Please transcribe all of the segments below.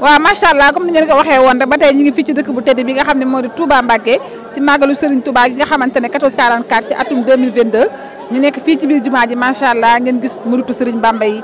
waaw macha allah comme ni ngeen ko waxee woon rek ba tey ñu ngi fii ci dëkk bu tedd bi nga xam ne moo di Touba Mbacké ci màggalu Serigne Touba gi nga xamante ne 1444 ci atum ñu nekk fii ci biir jumaa ji macha ngeen gis muritu Serigne Bamba yi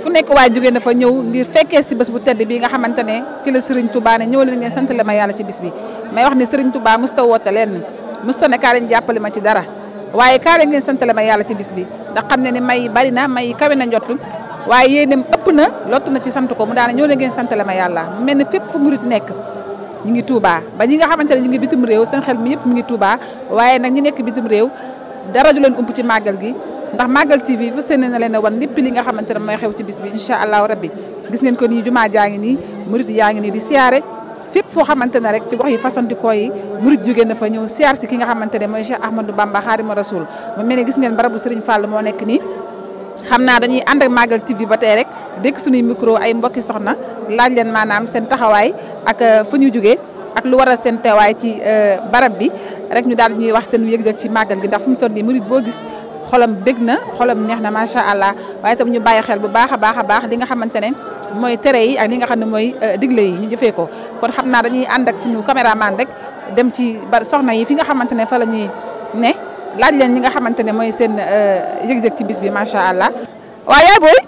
fu nekk waaye jógee na fa ñëw ngir fekkee si bés bu tedd bi nga xamante ne ci la Serigne Touba ne ñëw leen ngeen sant ma yàlla ci bis bi may wax ne Serigne Touba musta woote leen musta ne kaa leen jàppale ma ci dara waaye kaa leen sant la ma yàlla ci bis bi ndax xam ne ne may yi bari na may yi kawe na njottu waaye yéenam ëpp na lot na ci sant ko mu daana ñoo leen ngeen santale ma yàlla mu mel ne fépp fu murit nekk ñu ngi Touba ba ñi nga xamante ne ñu ngi bitim réew seen xel mi yëpp mu ngi Touba waaye nag ñi nekk bitim réew dara du leen ump ci màggal gi ndax màggal TV fa séene na leen a wan lépp li nga xamante ne mooy xew ci bis bi incha allahu rabbi gis ngeen ko nii jumaa jaa ngi nii murit yaa ngi nii di siyaare fépp foo xamante ne rek ci wax yi façon di yi murit jóge na fa ñëw siyaar ki nga xamante ne mooy Cheikh Ahmadou Bamba Xaadimu Rasuul mu mel ne gis ngeen barabu Serigne Fall moo nekk nii xamna dañuy ànd ak Magal TV ba tay rek dégg suñu micro ay mbokki soxna laaj len manam sen taxaway ak fuñu ñu ak lu wara sen teewaay ci barab bi rek ñu dal ñuy wax sen yegg yeg ci magal gi ndax fuñu tondi mouride bo gis xolam degna xolam neexna ma sha allah waaye tam ñu baye xel bu baaxa baaxa baax li nga xamantene moy tere yi ak li nga xamne moy digle yi ñu jëfé ko. kon xamna dañuy ànd ak suñu caméraman rek dem ci ba soxna yi fi nga xamantene fa lañuy ne laaj leen ñi nga xamantene moy mooy seen yëg-yëg ci bis bi macha allah waa yaay booy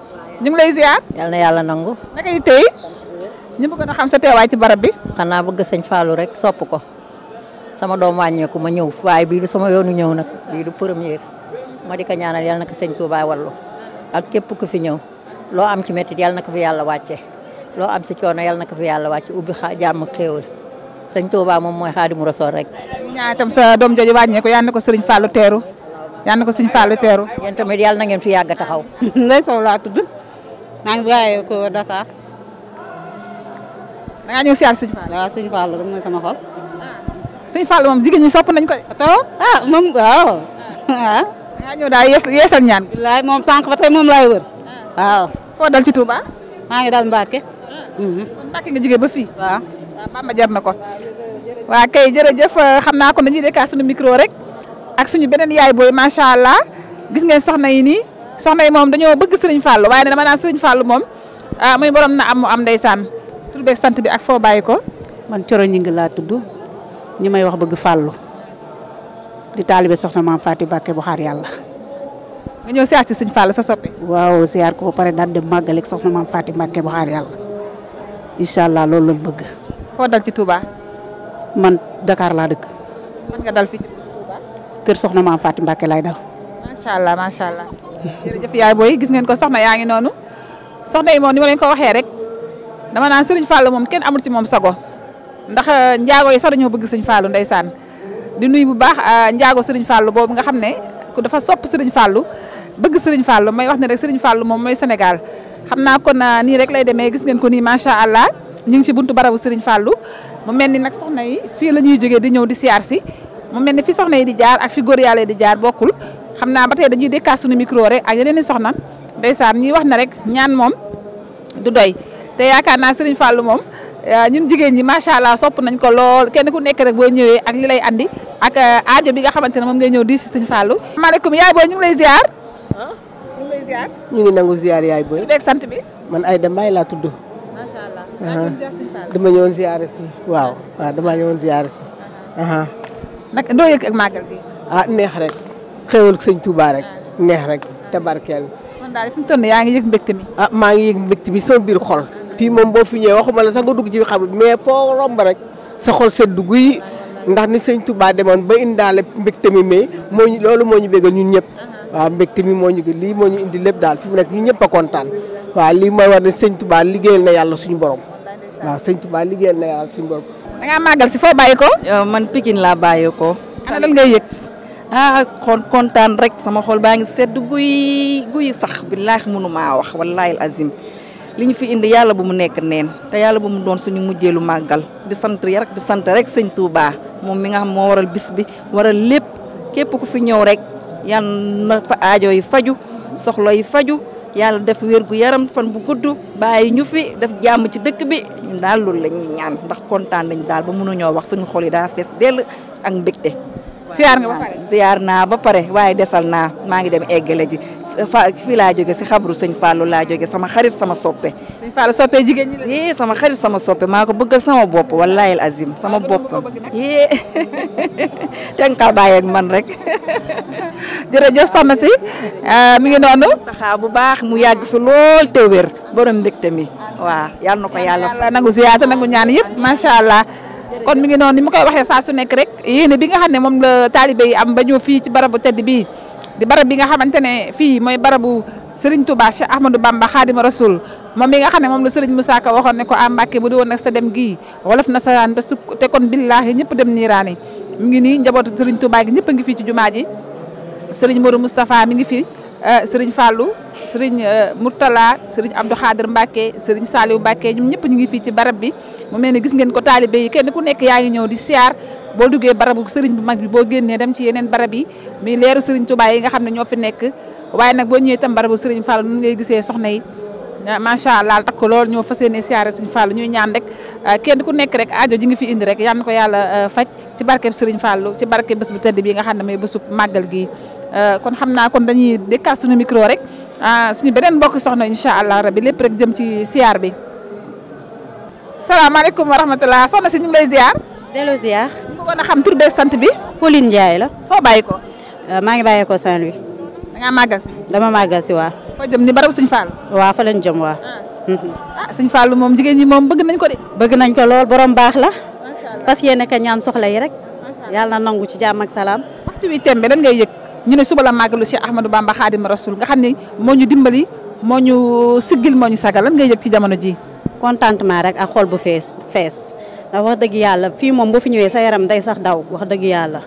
ñu ngi lay yal na yàlla nangu. naka yi tey ñu bëggoon a xam sa teewaay ci barab bi. naa bëgg sëñ Fallou rek sopp ko sama doom wàññeeku ma ñëw waaye bii du sama yoonu ñëw nag bii du première ma di ko ñaanal yal na ko sëñ Touba wallu ak képp ku fi ñëw loo am ci métti yal na ko fi yàlla wàcce loo am si coono yal na ko fi yàlla wàcce ubbi xa jàmm xéewal moom mooy xaadimu rasool rek. ñaan itam sa doom jooju wàññeeku yal na ko sëriñ Fallou teeru. yal na ko siñ Fallou teeru. yéen tamit yàlla na ngeen fi yàgg taxaw. Ndeye Sow laa tudd maa ngi bàyyi ko Dakar. da ngaa ñëw siyaar suñu ah. Fallou. moom jigéen ñi sopp nañ ko de. ah moom waaw. Ah. da ngaa moom sànq ba tey moom laay ah. foo dal ci Touba. maa ngi dal Mbacke. Mhm. nga jógee ba fii. waaw waaw Bamba ko. waa kay jërëjëf xam naa ko dañuy dékkaat suñu micro rek. ak suñu benen yaay ma sha allah gis ngeen soxna yi ni soxna yi mom dañoo bëgg Serigne Fall waye dama na Serigne Fall mom ah muy borom na am mu am ndaysan tur bek sante bi ak fo bayiko man cioro ñi ngi laa tudd ñi may wax bëgg fallu di talibé soxna maam Fatou Bakay bu xaar yàlla. nga ñëw siar ci Serigne Fall sa waaw siar ko ba pare daal dem soxna maam Fatou Bakay bu xaar allah loolu lañ bëgg. fo dal ci Touba. man Dakar la dëkk. man nga dal ci kër soxna ma fatim Mbacke lay dal. macha allah macha allah. jërëjëf yaay boy, gis ngeen ko soxna yaangi nonu soxna yi mo ni ma leen ko waxe rek dama naan Serigne fallu mom ken amul ci mom sago ndax euh, njaago yi sa dañu bëgg Serigne fallu ndaysan di nuyu bu baax euh, njaago Serigne falu. bobu nga xamne ne ku dafa sop Serigne fallu bëgg Serigne fallu may wax ne rek Serigne fallu mom moy senegal xamna kon euh, ni rek lay démé gis ngeen ko nii macha allah ñu ci buntu barabu Serigne falu. mu melni ni soxna yi fi lañuy joggé di ñew di siar mu mel ni fi soxna yi di jaar ak fi góor yàlla di jaar bokkul xam naa ba tey dañuy dékkaat suñu sunu rek ak yeneen i soxna ndeysaan ñuy wax na rek ñaan moom du doy te yaakaar naa Serigne Fallou moom euh, ñun jigéen ñi macha allah sopp nañ ko lool kenn ku nekk rek boo ñëwee ak lii lay andi ak euh, aajo bi nga xamante ne moom ngay ñëw di si Serigne Fallou. maaleykum yaay booy ñu ngi lay ziar. ñu ngi nangu ziar yaay booy. beeg sant bi. man Aïda Mbaye laa tudd. macha allah uh-huh. dama ñëwoon ziar si waaw waaw dama ñëwoon ziar si. Uh-huh. Uh-huh. naka doo yëg ak ah neex rek xéwal sëñtu sëñ rek neex rek te barkeel. kon daal yaa ngi yëg mbégte ah maa ngi yëg mbégte mi sama biir xol. fii moom boo fi ñëwee waxuma la sax nga dugg ci xam mais foo romb rek sa xol sedd guy ndax ni sëñ Touba demoon ba indaale mbégte mi mais moo ñu loolu moo ñu bégal ñun ñëpp. waa mbégte mi moo ñu ko lii moo ñu indi lépp daal fi mu nekk ñun ñëpp a kontaan waaw lii mooy war ne sëñ baa liggéeyal na yàlla suñu borom waaw sëñ Touba liggéeyal na yàlla suñu borom da ngaa màggal si foo bàyyi man Pikine la bàyyi ko. ana lan ngay yëg. ah kon rek sama xol baa sedu sedd guy guy sax billaahi munu maa wax wallaahi azim li ñu fi indi yàlla bu mu nekk neen te yàlla bu mu doon suñu mujjeelu màggal di sant ya rek di sant rek sëñ Touba moom mi nga xam waral bis bi waral lépp képp ku fi ñëw rek yàlla fa aajo yi faju yi faju def gu yaram fan bu gudd bàyyi ñu fi def jàmm ci bi ñun daal loolu la ñuy ñaan ndax kontaan nañ daal ba mënuñoo wax suñu xol yi daa fees dell ak mbégte ziar naa ba pare waaye desal naa maa ngi dem eggale ji fa laa jóge si xabru sëñ Fallou laa jóge sama xarit sama soppe. sëñ Fallou soppe jigéen ñi la sama xarit sama soppe maa ko bëggal sama bopp wallaahi al azim sama bopp yee te nga kaa bàyyeeg man rek. jërëjëf soxna si euh, mi ngi noonu. taxaa bu baax mu yàgg fi lool te wér borom mbégte mi waaw yal na ko yàlla. yàlla nangu ziyaata nangu ñaan yëpp macha allah. kon mi ngi noonu ni mu koy waxee saa su nekk rek yéene bi nga xam ne moom la taalibe yi am ba ñëw fii ci barabu tedd di barab bi nga xamante ne fii mooy barabu Serigne Touba Cheikh Ahmadou Bamba Khadima Rasoul moom mi nga xam ne moom la Serigne Moussa Ka waxoon ne ko a ah, Mbàkke bu di woon nag sa dem gii wolof na saraan ba su te kon billaahi ñëpp dem niiraani mi ngi nii njabootu Serigne Touba gi ñëpp a ngi fii ci jumaa ji Serigne Modou Moustapha mi ngi fii Euh, sëriñ Fallou sëriñ euh, Mourtala sëriñ Abdou Khadir Mbacke sëriñ Saliou Mbacke ñoom ñëpp ñu ngi fii ci barab bi mu mel ni gis ngeen ko taalibe yi kenn ku nekk yaa ngi ñëw di siyaar boo duggee barabu sëriñ bu mag bi boo génnee dem ci yeneen barab yi muy leeru sëriñ Touba yi nga xam ne ñoo fi nekk waaye nag boo ñëwee itam barabu sëriñ Fallou nun ngay gisee soxna yi euh, macha allah takk lool ñoo fas yéene siyaare suñu Fallou ñuy ñaan rek kenn ku nekk rek aajo ji nga fi indi rek yal na ko yàlla faj ci barkeb sëriñ Fallou ci barkeb bés bu tedd bi nga xam ne mooy bésub màggal gi Euh, kon xamna kon dañuy dékkal suñu micro rek ah, suñu benen mbokk soxna inshallah allah lepp rek dem ci siyaar bi. alaykum wa rahmatullah soxna si ñu lay ziar. delloo ziar. ñu bëggoon na xam tur beeg sante bi. Pauline Ndiaye la. fo bayiko ko. Euh, ngi bayiko Saint-Louis. da nga magas dama magasi wa fo dem ni barab suñu Fall. wa fa lañ jëm wa ah, mhm. ah suñu Fall mom jigeen ñi mom bëgg nañ ko de. bëgg nañ ko lool borom bax la. inshallah fas yéene ka ñaan soxla yi rek. yalla na nangu ci jàmm ak salam waxtu wi tembe lan ngay ñu ne suba la màggalu Cheikh Ahmadou Bamba Khadim Rasoul nga xamni moñu dimbali moñu sigil moñu sagal lan ngay yëg ci jamono ji contentement rek ak xol bu fees fees da wax deug yalla fi mom bu fi ñewé sa yaram day sax daw wax deug yalla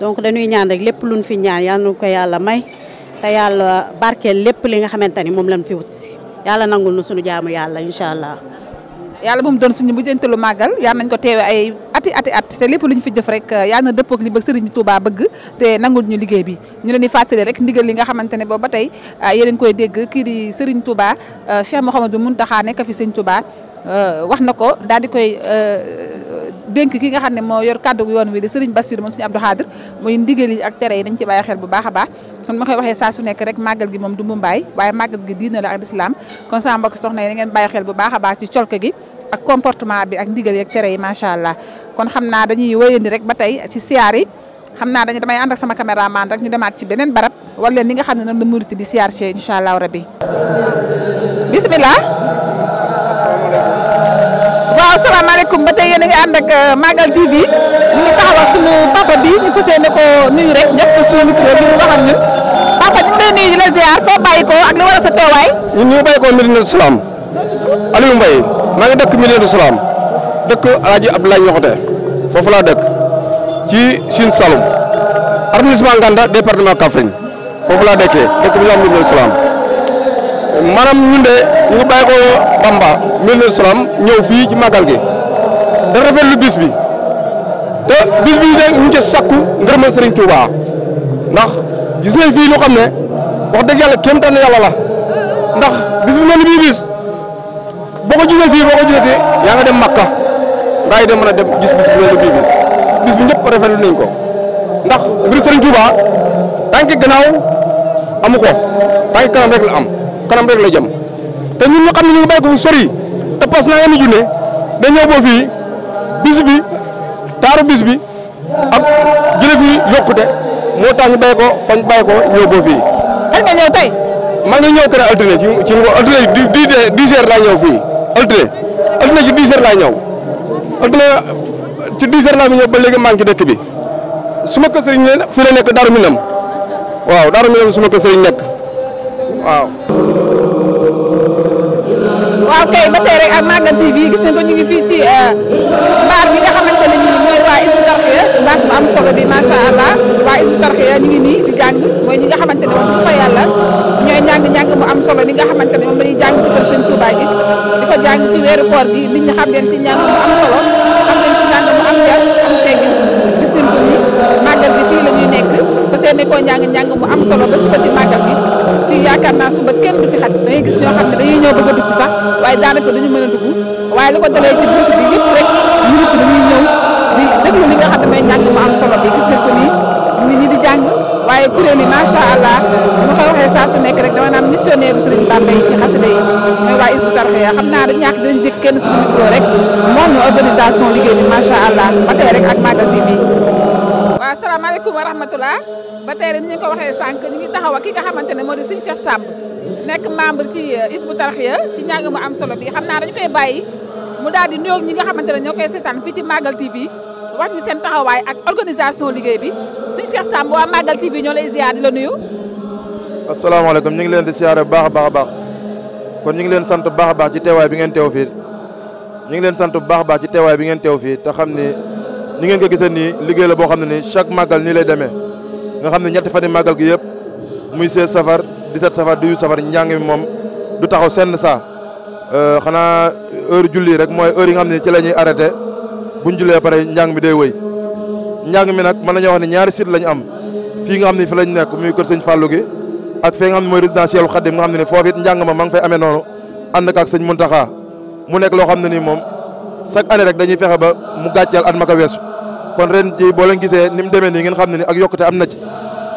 donc dañuy ñaan rek lepp luñ fi ñaan yalla nu ko may ta yalla lepp li nga xamanteni mom lañ fi wut ci yalla nangul nu suñu jaamu yalla inshallah yàlla moom don suñu bu lu magal ya nañ ko téwé ay ati ati at té lépp lu fi jëf rek ya na ak li bëgg sëriñ Touba bëgg te nangul ñu liggéey bi ñu leen di fatalé rek ndigal li nga xamante bo batay eh, ya leen koy dégg ki di sëriñ Touba eh, Cheikh Mouhamadou Mountakha nekk fi sëriñ Touba wax nako ko di koy denk ki nga xam mo yor kàddu yoon wi di sëriñ Bassir mo suñu Abdou Khadir muy ndigal yi ak téré yi dañ ci baye xel bu baaxa baax kon ma koy waxee saa su nekk rek màggal gi moom du mumbaay waaye màggal gi diina la ak lislaam kon sama mbokk soxna yi na ngeen bàyyi xel bu baax a baax ci colka gi ak comportement bi ak ndigal yeeg tere rek ba tey ci siyaar yi xam naa dañu damay ànd ak sama caméraman rek ñu demaat ci beneen barab war leen li nga xam ne noonu la murit di siyaar see incha allahu rabbi bismillah waaw salaamaaleykum ba tey yéen a ngi ànd ak euh, Magal TV ñu ngi taxaw ak sunu papa bi ñu fas yéene ko nuyu lay nuyu la ziar foo ko ak lu war sa teewaay. ñu ko Médina Aliou Mbaye maa ngi dëkk Médina Salaam dëkk El Hadj Ñoxote foofu laa dëkk ci Sine Saloum arrondissement Nganda département Kaffrine foofu laa dëkkee dëkk bi am ñun de ñu ko Bamba Médina salam, ñëw fii ci màggal gi da rafetlu bis bi te bis bi de ñu ci sakku Serigne Touba ndax gis wax dëgg yàlla kéem tànn yàlla la ndax bis bu mel ni bii bis boo ko gisee fii boo ko gisatee yaa nga dem Makka ngaa yi dem mën a dem gis bis bu mel ni bii bis bis ko ndax mbir Serigne Touba tànk gannaaw amu ko tànk kanam rek la am kanam rek la jëm te ñun ñu xam ne ñu ngi bàyyi ko fu sori te pas naa ngeen di junne dañoo boo fii bis bi taaru bis bi ak jële fi yokkute moo tax ñu bàyyi ko fañ bàyyi ko ñëw boo fii man nga ñëw tey. man nga ñëw kër altine ci ci ngo altine di laa ñëw fii altine altine ci dix laa ñëw altine ci maa ngi ci dëkk bi su ma kër sëriñ ne fii la nekk Darou Minam waaw Darou Minam su ma kër sëriñ nekk waaw. waaw kay ba tey rek ak Magal TV gis nañ ko ñu ngi fii ci euh, mbaar bi nga xamante ne nii mooy waa Hizbut Tarqiyyah bâche bu am solo bi macha allah. waa Hizbut Tarqiyyah ñu ngi nii di jàng mooy ñi nga xamante ne wax fa yàlla ñooy njàng njàng mu am solo mi nga xamante ne moom la ci kër Touba gi di ko ci weeru koor gi nit ñi xam leen ci njàng mu am solo xam leen ci njàng mu am yar am teggin gis ngeen ko nii màggal gi fii nekk fa seeni koo njàng njàng mu am solo ba suba ci suba kenn du fi xat gis ñoo dañuy bëgg dugg sax daanaka duñu dugg lu ko ci bi rek ñu dañuy ñëw di déglu li nga xam ne mooy njàng am solo bi gis ko waaye kuréel yi macha allah mu koy waxee saa su nekk rek dama naan missionnaire bi sëriñ Bamba yi ci xasida yi mooy waa Hizbut Tarqiyyah xam naa du ñàkk dinañ dégg kenn suñu micro rek moom ñu organisation liggéey bi macha allah ba tey rek ak Magal TV. waaw salaamaaleykum wa rahmatulah ba tey rek ni ñu ko waxee sànq ñu ngi taxaw ak ki nga xamante ne moo di Sëriñ Cheikh Samb nekk membre ci euh, Hizbut Tarqiyyah ci njàng mu am solo bi xam naa dañu koy bàyyi mu daal di nuyoog ñi nga xamante ne ñoo koy seetaan fii ci Magal TV wax ñu seen taxawaay ak organisation liggéey bi. suñ Cheikh Samb waa Magal TV ñoo lay ziar di nuyu. asalaamaaleykum ñu ngi leen di siyaare bu baax a baax a baax kon ñu ngi leen sant bu baax a baax ci teewaay bi ngeen teew fii ñu ngi leen sant bu baax baax ci teewaay bi ngeen teew fii te xam ni ñi ngeen ko gisee nii liggéey la boo xam ne nii chaque màggal nii lay demee nga xam ne ñetti fan yi màggal gi yëpp muy 16 safar 17 safar 18 safar njàng mi moom du taxaw senn saa euh, xanaa heure julli rek mooy heure yi nga xam ne ci la ñuy arrêté buñ jullee pare njàng mi day wëy njàng mi nag man a wax ne ñaari site lañu am fii nga xam ne fi lañ nekk muy kër sëñ Fallou gi ak fee nga xam ne mooy résidentiel u Xadim nga xam ne ne foofu it njàng ma ma ngi fay amee noonu ànd ak mu nekk loo xam ne nii moom chaque année rek dañuy fexe ba mu gàcceel at ma ko weesu kon ren ji boo leen gisee ni mu demee nii ngeen xam ne ni ak yokkute am na ci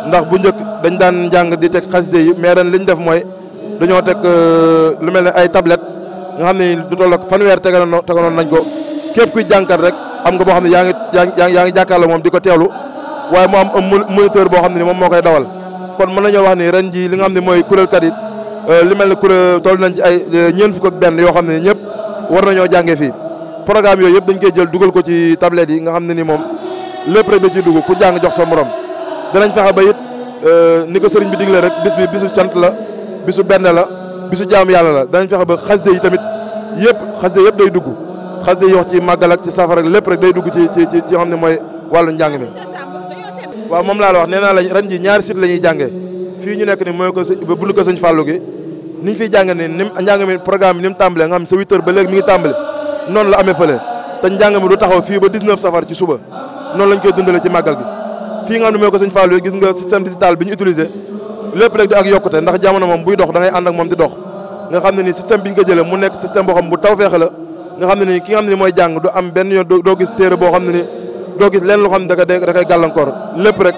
ndax bu njëkk dañ daan njàng di teg xaside yi mais ren li ñu def mooy dañoo teg euh, lu mel ne ay tablette nga xam ne du toll ak fanweer teganoon teganoon nañ ko képp kuy jànkat rek am nga boo xam ne yaa ngi yaa ngi ngi jàkkaarloo moom di ko teewlu waaye mu am un moniteur boo xam ne ni moom moo koy dawal kon mën nañoo wax ni ren ji li nga xam ne mooy kuréelkat yi euh, li mel ne kuréel toll nañ ci ay euh, ñeent fukk ak benn yoo xam ne ñëpp war na ñoo jàngee fii programme yooyu yëpp dañ koy jël dugal ko ci tablette yi nga xam ne ni moom lépp rek da ciy dugg ku jàng jox sa morom danañ fexe ba it euh, ni ko sëriñ bi la rek bis bi bisu sant la bisu benn la bisu jaamu yàlla la danañ fexe ba xasida yi tamit yëpp xasida yëpp day dugg xas day yox ci màggal ak ci safar lépp rek day dugg ci ci ci xam ne mooy wàllu njàng mi. waaw moom laa la wax nee naa la ren ji ñaari site la ñuy jàngee fii ñu nekk ni mooy ko ba bulu ko sëñ Fallou gi ni ñu fiy jàng ni ni njàng mi programme bi ni tàmbalee nga xam sa ngi tàmbale noonu la amee fële te njàng taxaw fii ba 19 safar ci suba noonu lañ koy dundale ci màggal gi fii nga xam ne mooy ko sëñ Fallou gis nga système digital bi ñu utilisé lépp rek di ak yokkute ndax jamono moom buy dox da ngay ànd ak moom di dox nga xam ne ni système bi ñu ko jëlee mu nekk système boo xam bu tawfeex la nga xam ne ni ki nga xam ne mooy jàng du am benn yoon doo gis téere boo xam ne ni doo gis leen loo xam ne da koy da koy gàllankoor lépp rek.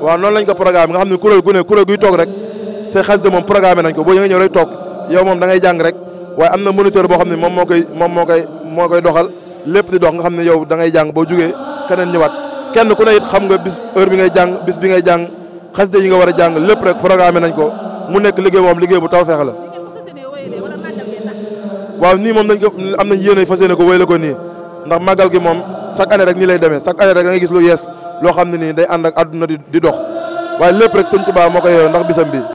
waaw noonu lañ ko programme nga xam ne kuréel gu ne kuréel guy toog rek say xasida moom programme nañ ko boo ñëwee ñëw toog yow moom dangay jàng rek waaye am na moniteur boo xam ne moom moo koy moom moo koy moo koy doxal lépp di dox nga xam ne yow da ngay jàng boo jugee keneen ñëwaat kenn ku ne it xam nga bis heure bi ngay jàng bis bi ngay jàng xasida yi nga war a jàng lépp rek programme nañ ko mu nekk liggéey moom liggéey bu tawfeex la waaw nii moom dañ ko am nañ yéene fas yéene ko wéy la ko nii ndax màggal gi moom chaque année rek nii lay demee chaque année rek da gis lu yees loo xam ne nii day ànd ak àdduna di dox waaye lépp rek sëñ Tuubaa moo koy ndax bisam bi